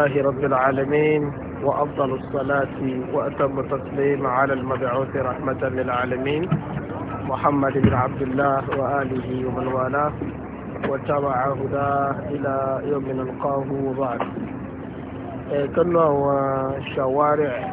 الله رب العالمين وأفضل الصلاة وأتم التسليم على المبعوث رحمة للعالمين محمد بن عبد الله وآله ومن والاه وتبع هداه إلى يوم نلقاه وبعد كنا وشوارع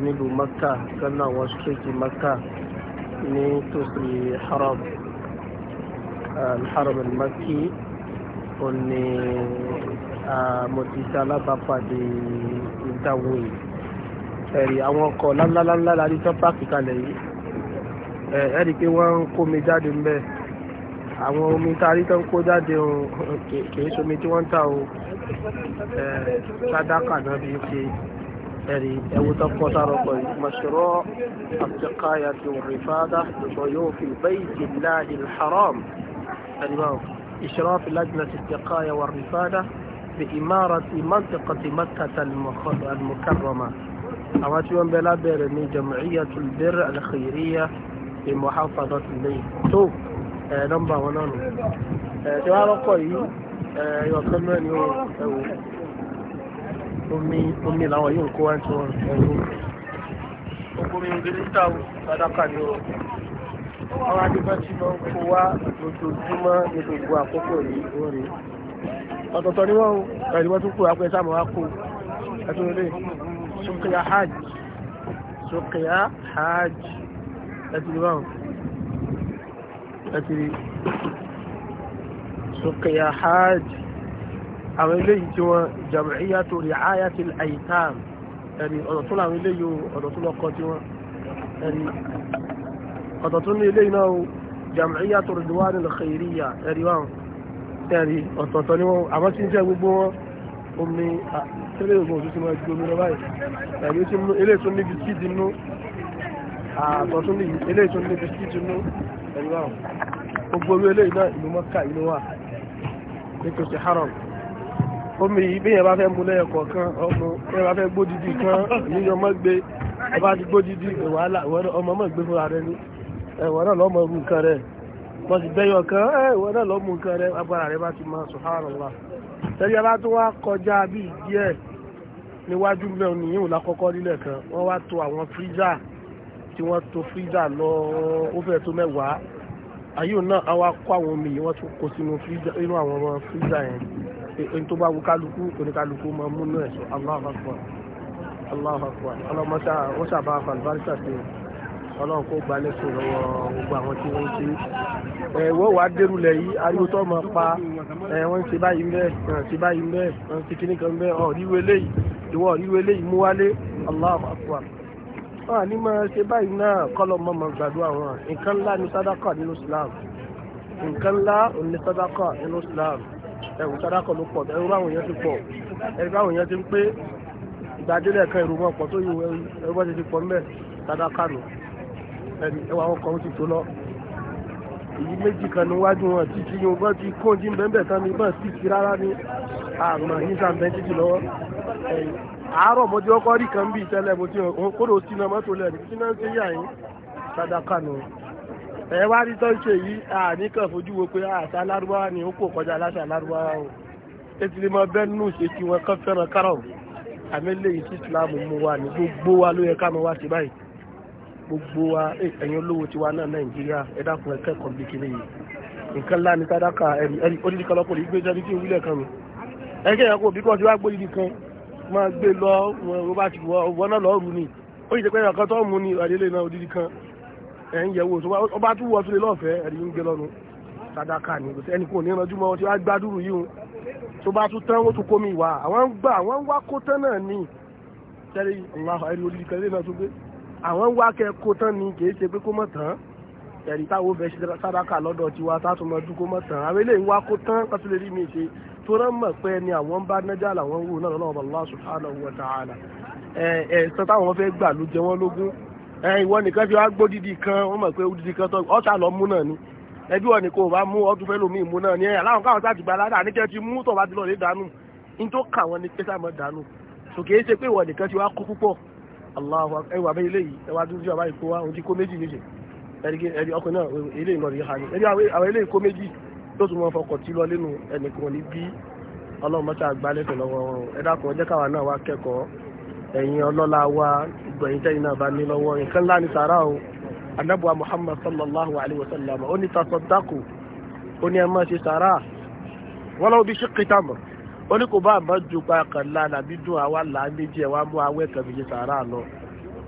نيلو مكة كنا وشريك مكة في حرم الحرم المكي ó ní mo ti ṣe alábàápàdé ìdáwó yìí ẹ̀rì àwọn ọkọ̀ lálálálá la rí tán páàkì kalẹ̀ yìí ẹ̀rì pé wọ́n ń kó mi jáde ń bẹ̀ àwọn omi tá a rí tán kó jáde kìí ṣomi tí wọ́n ń ta o sádàkà náà fi ṣe ẹ̀rì ẹ̀wò tán kọ́ sára ọkọ̀ yìí mọ̀ṣọ́rọ́ àtẹ̀káyà tó rìfádà lọ́yọ́ fi bẹ́ẹ̀ ìjìnlá ìlhàrọ́m ẹ̀rì báwọn. إشراف لجنة السقاية والرفادة بإمارة منطقة مكة المكرمة أماتيون بلا بيرني جمعية البر الخيرية بمحافظة الميت تو نمبر ونانو جواب قوي يوكلنا اليوم أمي أمي لو يوم كوانتو أمي أمي أمي أمي أمي أمي أمي àwọn adébá tí wọ́n kó wá lójoojúmọ́ ní gbogbo àkókò yìí ó rè ọ̀tọ̀ọ̀tọ̀ ni wọ́n pẹ̀lú wọ́n tún kó apẹ́ sáàmù wá kó ẹ̀tún lè sókèyà hajj sókèyà hajj ẹ̀tìrì wọ́n ẹ̀tìrì sókèyà hajj àwọn eléyìí tí wọ́n jàmìíyà tó rí ayatul aitam ẹ̀rì ọ̀dọ̀ tó làwọn eléyìí ọ̀dọ̀ tó lọ́kọ́ tí wọ́n ẹ̀rì ọ̀tọ̀ tún ní ilé iná o jàmíyà tó rìdíwá ní lọ́kẹ̀ẹ́ríyà ẹ̀rí wọn ẹ̀rí ọ̀tọ̀ọ̀tọ̀ ni wọn àmọ́ tí ń jẹ́ gbogbo wọn omi tẹ́lẹ̀ ògùn òtún ti máa ju omi lọ báyìí ẹ̀rí ilé tún ní bisikíìtì nú àtọ̀ tún ní ilé tún ní bisikíìtì nú ẹ̀rí wọn gbogbo omi ilé iná ìlú mọ́kà ìlú wa nítòsí haram omi yìí bí yẹn bá fẹ́ mú lẹ́yìn kọ̀ọ̀kan ọmọ yẹn bá fẹ́ gbódìdì kan yíyan mọ́ gbé ọba ti gbódìdì wàhálà ọmọ mọ́ gbé fúnra rẹ ní ẹ̀wọ̀n náà lọ́mọ irú nǹkan rẹ̀ wọ́n ti bẹ́yọ̀ kan ẹ̀wọ̀n náà lọ́mọ nǹkan rẹ̀ agbára rẹ̀ bá ti máa subhanallah tẹ́lẹ̀ bá tún wá kọjá bí díẹ̀ níwájú mẹ́rin nìyí òun lákọ́kọ́ nílẹ̀ kan wọ́n wá to àwọn fíríjà tí wọ́n to fíríjà lọ ó fẹ́ tó mẹ́wàá àyè òun náà àwa kó àwọn omi yìí wọ́n tún kó sínú fíríjà inú àwọn ọmọ fíríjà yẹn èyí tó bá wù kálukú oníkálukú máa múnú ẹ̀ sọ Allahu Akbar Allahu Akbar ọlọ́mọṣà wọ́n ṣàbá àfàlùbáríṣà sí i ọlọ́run kó gba lẹ́sùn lọ́wọ́ gbogbo àwọn tí wọ́n ń ṣe ẹ̀ wọ́n wàá dérúlẹ̀ yìí ariwo tó mọ̀ pa ẹ̀ wọ́n ń ṣe báyìí ń bẹ́ẹ̀ wọ́n ń ṣe báyìí ń bẹ́ẹ̀ wọ́n ń ṣe kíní kan bẹ́ẹ̀ ọ̀ ríru eléyìí ìwọ ríru eléyìí mú wálé Allahu akbar. wọ́n àní máa ṣe báyìí náà kọ́lọ̀ mọ́mọ́ gbàdúrà wọn nǹkan ńlá ni sàdákà nínú Islam nǹkan ńlá òní sàdákà nínú Islam ẹ̀rù sàdákà ló pọ̀ ẹ̀rù báwọn èèyàn ti pọ̀ ẹ̀rù báwọn èèyàn ti ń pé ìgbàdélẹ̀ kan ìrù pọ̀ tó yìí ẹ̀rù bọ́ ti ti pọ̀ mẹ́ sàdákà nù ẹni ẹwà wọn kọ́ ti tó lọ èyí méjì kan níwájú wọn ti ti yun bọ́n ti kóńjì bẹ́ẹ̀ tán ni bọ́n ti ti rárá ni àmọ́ yín sàn bẹ́ẹ̀ títì lọ́wọ́ àárọ̀ mo ti kọ́kọ́ rí kan bí ìtẹ́lẹ̀ mo ti hàn kó ló ti na mọ́tò lẹ́nu kí náà ń ṣe yà yín sàdákà nù ẹ wá rí tó ń ṣe yìí àníkàn fojú wo pé ah, àṣà alárúbáwá ni ó kò kọjá aláṣà alárúbáwá o ètùlẹ̀ mọ bẹ́ẹ̀ nù ṣe kí wọn kán fẹ́ràn kárọ̀ àmì lẹ́yìn tí Islam mú wa ní gbogbo wa ló yẹ sí gbogbo wa eh, ẹ̀yin olówó tiwa náà nàìjíríà ẹ dákun ẹ kẹ́kọ̀ọ́ bí kiri yìí nǹkan ńlá ni sádàkà ẹni odidi kan lọ́pọ̀ yìí gbé jẹ́ bíi kan mi ẹgbẹ́ yẹn kò bí kò sí wá gbé odidi kan máa gbé lọ wọn bá ti wọ náà lọ́ọ́ rù ni ó yìí pé ẹ̀kan tó mú ni àdélé náà odidi kan ẹ̀ ń yẹ̀wò tó ọba tún wọ sílé lọ́fẹ̀ẹ́ ẹ̀rí ń gbé lọ́nu sádàkà ni kò sẹ́ni kò ní ìrànjú mọ́ tí wá gbádùrú yìí tó bá tún tán ó tún kó mi wá àwọn gbà àwọn wá kó tán náà ni tẹ́lẹ̀ ìlànà àwọn wá kẹ kó tán ni kì í ṣe pé kó mọ̀ tán ẹ̀rí táwọn fẹ́ ṣe sádàkà lọ́dọ̀ tiwa sátúmọ̀ dún kó mọ̀ tán àwọn eléyìí wá kó tán kásìlè rí mi ṣe tó rán mọ̀ pé ni àwọn bá nájà làwọn wò náà lọ́wọ́ Allah subhanahu wa ta'ala ẹ̀sán táwọn fẹ́ gbà ló jẹ wọ́n lógún ìwọ nìkan fi wá gbódìdì kan wọ́n mọ̀ pé odidi kan tó ọ̀sà lọ mú náà ni ẹbí wọn nìkan ò bá mú ọdún fẹ́ lómi ìmú náà ni aláwọn káwọn sáà ti gba aládàá ní kẹ́ ti mú tọ̀ bá ti lọ lé dànù ní tó kà wọ́n ni pé sáà mọ̀ dànù sòkè é ṣe pé ìwọ nìkan ti wá kú púpọ̀ Allahu ẹwà bẹ́ẹ̀ ilé yìí ẹwà dúdú àbá ìkó wa ojú kó méjì méjì ẹ̀rí ọkùnrin náà ilé ìlọ rí hàní ẹ̀rí àwọn ilé ìkó méjì tó tún wọn fọkọ̀ tí lọ lẹ́nu ẹnìkan ní bí ọlọ́run mọ́tà gbálẹ́fẹ̀ lọ́wọ́ ẹ dákun ọjọ́ káwa náà wá kẹ́kọ̀ọ́ ẹ̀yin ọlọ́lá wa gbẹ̀yìn tẹ́yìn náà bá ní lọ́wọ́ nǹkan ńlá ni sàrà o anabuwa Muhammad sallallahu alayhi wa sallam ó ní tasaddaqu ó ẹ máa ṣe sàrà walau bi shiqqi tamr ó ní kò bá àmọ́ ju pa kànlá nàbí dùn àwa là á méjì ẹ̀ wá mú awẹ́ kan fi ṣe sàárà lọ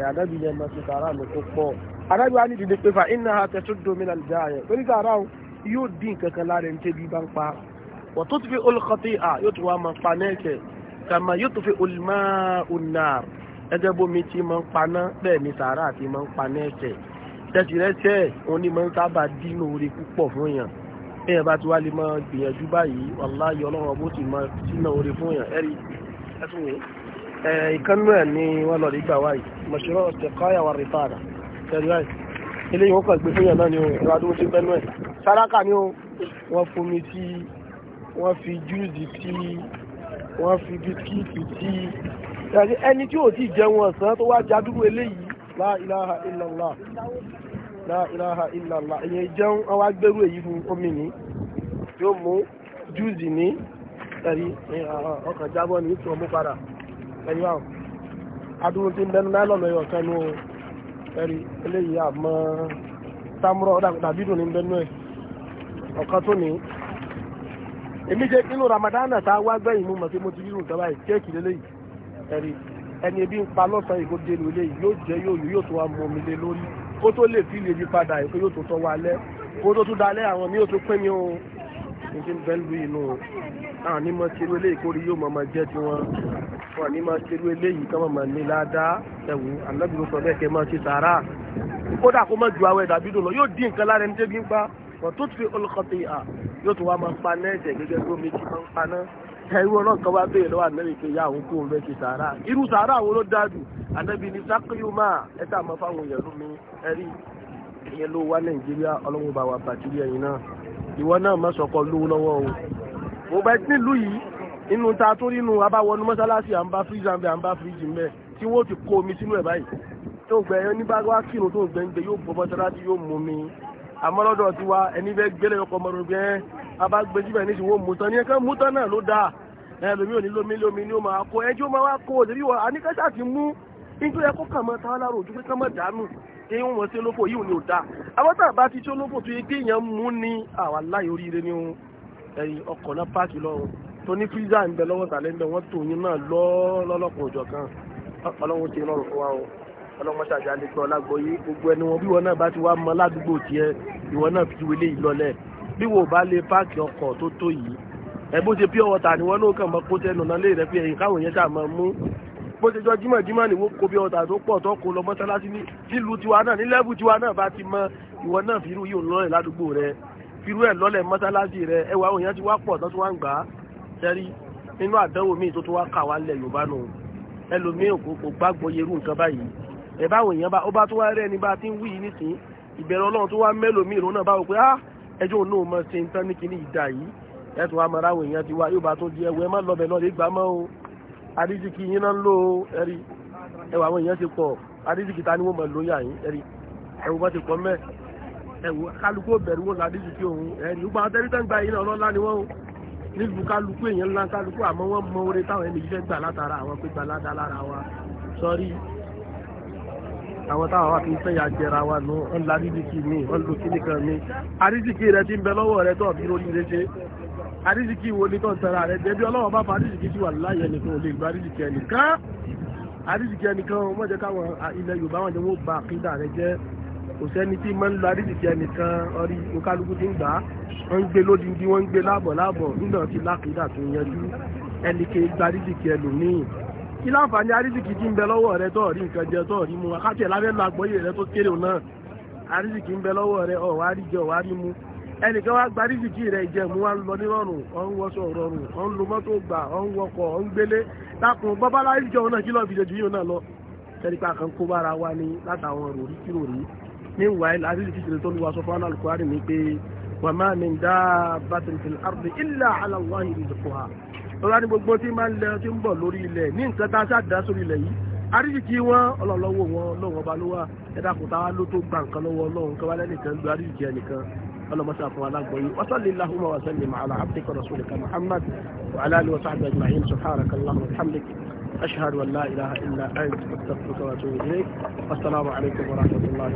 ẹ̀ àdábì yẹn máa ṣe sàárà lọ tó pọ̀ àdábì wa ní dìde pé fa iná ha tẹ̀sùn domi náà lìjà yẹn ó ní sàárà o yóò dín nǹkan lára ẹni tẹ́bi bá ń pa wọ́n tó ti fi olùkọ́tì à yóò tún wá máa pa nẹ́ẹ̀kẹ́ kàmá yóò tún fi olùmọ́ ọ̀nà ẹgẹ́ bómi ti máa ń paná bẹ́ẹ̀ ni sàárà èèyàn bá ti wá lè máa gbìyànjú báyìí wàláyé ọlọ́run ọbó ti máa sínà orí fún èèyàn ẹ̀rí ẹ̀túnwé ìkánú ẹ̀ ni wọ́n lọ rí gbà wáyìí mọ̀ṣúrọ̀ ọ̀tẹ̀kọ́yà wà rí fàdà tẹ̀lé wáyìí eléyìí wọ́n kàn gbé fún èèyàn náà ni ìwà tó ti bẹ́nu ẹ̀ sáráka ni wọ́n fomi tí wọ́n fi júùsì tí wọ́n fi bisikíìtì tí ẹni tí ò tí jẹun ọ̀sán tó wá jádúró eléyìí lá ilaha illallah láìláha ìlàlá ìyẹn jẹun àwọn agbẹrù èyí fún omi ní yóò mú júùsì ní ẹ̀rí ọkàn jábọ̀ ní ìtù padà ẹ̀rí àwọn adúrú tí ń bẹnu láìlọ́nà ẹ̀yọ̀ ẹ̀rí eléyìí dàbí dùn ní bẹnu tó ní èmi tá a wá gbẹ̀yìn mú mọ̀ mo ti rírun tọ́ba yìí kéèkì lélẹ́yìí ẹ̀rí ẹni ebi ń pa lọ́sàn kó tó lè fi lè yí padà èkó yóò tó tọ́ wa lẹ́ kó tó tún dalẹ́ àwọn mi ò tún pín mi o ní ti ń bẹ́ lu inú àwọn ní máa ṣerú eléyìí kórìí yóò máa jẹ́ tí wọ́n wọn ní ṣerú eléyìí kí wọ́n ní ládàá ẹ̀wù ànábìrún sọ bẹ́ẹ̀ kẹ́ máa ṣe sàárà kódà kó má ju àwọn ẹ̀dà bídùn lọ yóò dín nǹkan lára ẹni tẹ́bí ń pa wọ́n tó ti fi olùkọ́ ti hà yóò tún wá máa pa náà ẹ̀jẹ̀ gẹ́gẹ́ bí omi ti máa ń pa náà ẹ̀rú ọlọ́kan wá bèèrè lọ́wọ́ ànábì pé ìyá àwọn kóun bẹ́ẹ̀ ṣe sàárà irú sàárà wo ló dájú ànábì ní sákìlúmà ẹ tá a mọ fáwọn èèyàn lómi ẹrí ìyẹn ló wá nàìjíríà ọlọ́run bá wa bàtírí ẹ̀yìn náà ìwọ náà má sọkọ lówó lọ́wọ́ o mo bẹ nílùú yìí inú ta tó nínú abáwọnú mọ́sálásí à ń bá fíríjì àǹbẹ̀ à ń bá fíríjì mẹ́ tí wọ́n ti kó omi sínú ẹ̀ báyìí tó gbẹ abágbèjìbẹ̀ ní ìṣòwò mùtán ní ẹ̀ka mùtán náà ló dáa ẹlòmí ò ní lómi lómi ni ó máa kó ẹjọ́ máa wá kó òdìrí wọ àníkẹ́sà ti mú nítorí ẹ̀kọ́ kàn mọ́ táwọn lárò ojú pé kán mọ́ dànù kí wọ́n wọ́n sí olófò yìí ò ní ò dáa àwọn tá a bá ti tí olófò tó yẹ kí èèyàn mú ní àwa láì oríire ní ẹ̀yìn ọkọ̀ náà páàkì lọ́rùn tó ní fíza ń bẹ lọ́wọ́ sàlẹ̀ ń wọ́n tó yín náà lọ́lọ́kùn òjọ̀ wa o ọlọ́run ṣàjà lè gbọ́ bí wò bá lè páàkì ọkọ̀ tó tó yìí ẹ bó ṣe pure water ni wọ́n náà kàn mọ́ kó tẹnu náà lè rẹ pé ẹ̀yìn káwọn yẹn ṣàmọ́ mú bó ṣe jọ jímọ̀ ni wọ́n kó pure water tó pọ̀ tó kó lọ mọ́ṣáláṣí nílùú tiwa náà ní lẹ́bù tiwa náà bá ti mọ ìwọ náà fìrú yìí lọ́lẹ̀ ládùúgbò rẹ fìrú ẹ̀ lọ́lẹ̀ mọ́ṣáláṣí rẹ ẹwà àwọn èèyàn ti wá pọ̀ tó tún wá ń gbà á sẹ́rí nínú àdánwò míì tó tún wá kà wá lẹ̀ Yorùbá nù ẹlòmíì kò gbàgbọ́ yerú nǹkan báyìí ẹ̀ báwọn èèyàn bá ó bá tún wá rẹ́ ni bá ti ń wí yìí nísìnyí ìbẹ̀rẹ̀ Ọlọ́run tó wá mẹ́lòmíì lónà báwo pé ah ẹjọ́ náà mọ̀ ṣe ń tán ní kíní ìdá yìí ẹ̀tọ́ amáráwọ̀ èèyàn ti wá yóò bá tó di ẹwẹ́ má lọ́bẹ̀ lọ́lẹ̀ gbà mọ́ o àdísìkì yín náà ń lò ó ẹ̀rí ẹwà àwọn èèyàn ti pọ̀ àdísìkì ta ni wọ́n mọ̀ lóyà yín ẹ̀rí ẹ̀wù bá ti pọ̀ mẹ́ ẹ̀wù kálukú bẹ̀rù wọn làdísìkì òun ẹ̀rí ó bá wọn tẹ́rí tẹ́ǹgbà yín náà ọlọ́lá ni wọ́n o nílùú kálukú èèyàn ńlá kálukú àmọ́ wọ́n mọ oore táwọn ẹni yìí fẹ́ gbà látara àwọn pé gbà ládàá lára wa sọ́rí àwọn táwọn wá fi ń fẹ́yà jẹra wa nù ọ́n la rídìkì mi ọ́n lo kíní kan mi àrídìkì rẹ ti ń bẹ lọ́wọ́ rẹ tó fi rori rẹ ṣe àrídìkì wo ni tó ń tara rẹ jẹbi ọlọ́wọ́ bá fa àrídìkì ti wà láyé ẹnìkan ò lè gba àrídìkì ẹnìkan àrídìkì ẹnìkan wọn jẹ káwọn ilẹ̀ Yorùbá wọn jẹ wọn ba àkídà rẹ jẹ kò sẹ́ni tí máa ń lo àrídìkì ẹnìkan ọrí okálukú ti ń gbà wọ́n ń gbé lódindi wọ́n ń gbé láàbọ̀ láàbọ̀ nígbà tí lákìdá tó yanjú ẹnì kejì àrídìkì ẹlòmíì kí láǹfààní arísìkì ti ń bẹ lọ́wọ́ rẹ tó rí nǹkan jẹ tó rí mu àkáàtì ẹ̀ lábẹ́ lu àgbọ́yé rẹ tó kéré òun náà arísìkì ń bẹ lọ́wọ́ rẹ ọ̀ wá rí jẹ ọ̀ wá rí mu ẹnìkan wá gba arísìkì rẹ jẹ mu wá ń lọ nírọ̀rùn ọ̀ ń wọṣọ rọrùn ọ̀ ń lo mọ́tò gbà ọ̀ ń wọkọ̀ ọ̀ ń gbélé dákun bọ́bálá arísìkì ọ̀hún náà kí lọ́ọ́ fi jẹjú yóò náà meanwhile arísìkì rẹ tó lu wa sọ fún alukóhárì ní ọlá ní gbogbo tí máa ń lẹ tí ń bọ̀ lórí ilẹ̀ ní nǹkan tá a ṣáàdá sórí ilẹ̀ yìí àríjìkí wọn ọlọ́lọ́wọ́ wọn lọ́wọ́ ọba ló wà ẹ̀dá kò táwa ló tó gba nǹkan lọ́wọ́ ọlọ́run kí wọ́n lẹ́nìkan lu àríjìkí ẹnìkan ọlọ́mọṣà fún alágbọ̀nyí wasali lahuma wasali maala abdika rasulika muhammad wa alaali wa sahbihi ajma'in subhanaka allahumma wa bihamdik ashhadu an ilaha illa ant astaghfiruka wa atubu ilayk assalamu alaykum wa rahmatullahi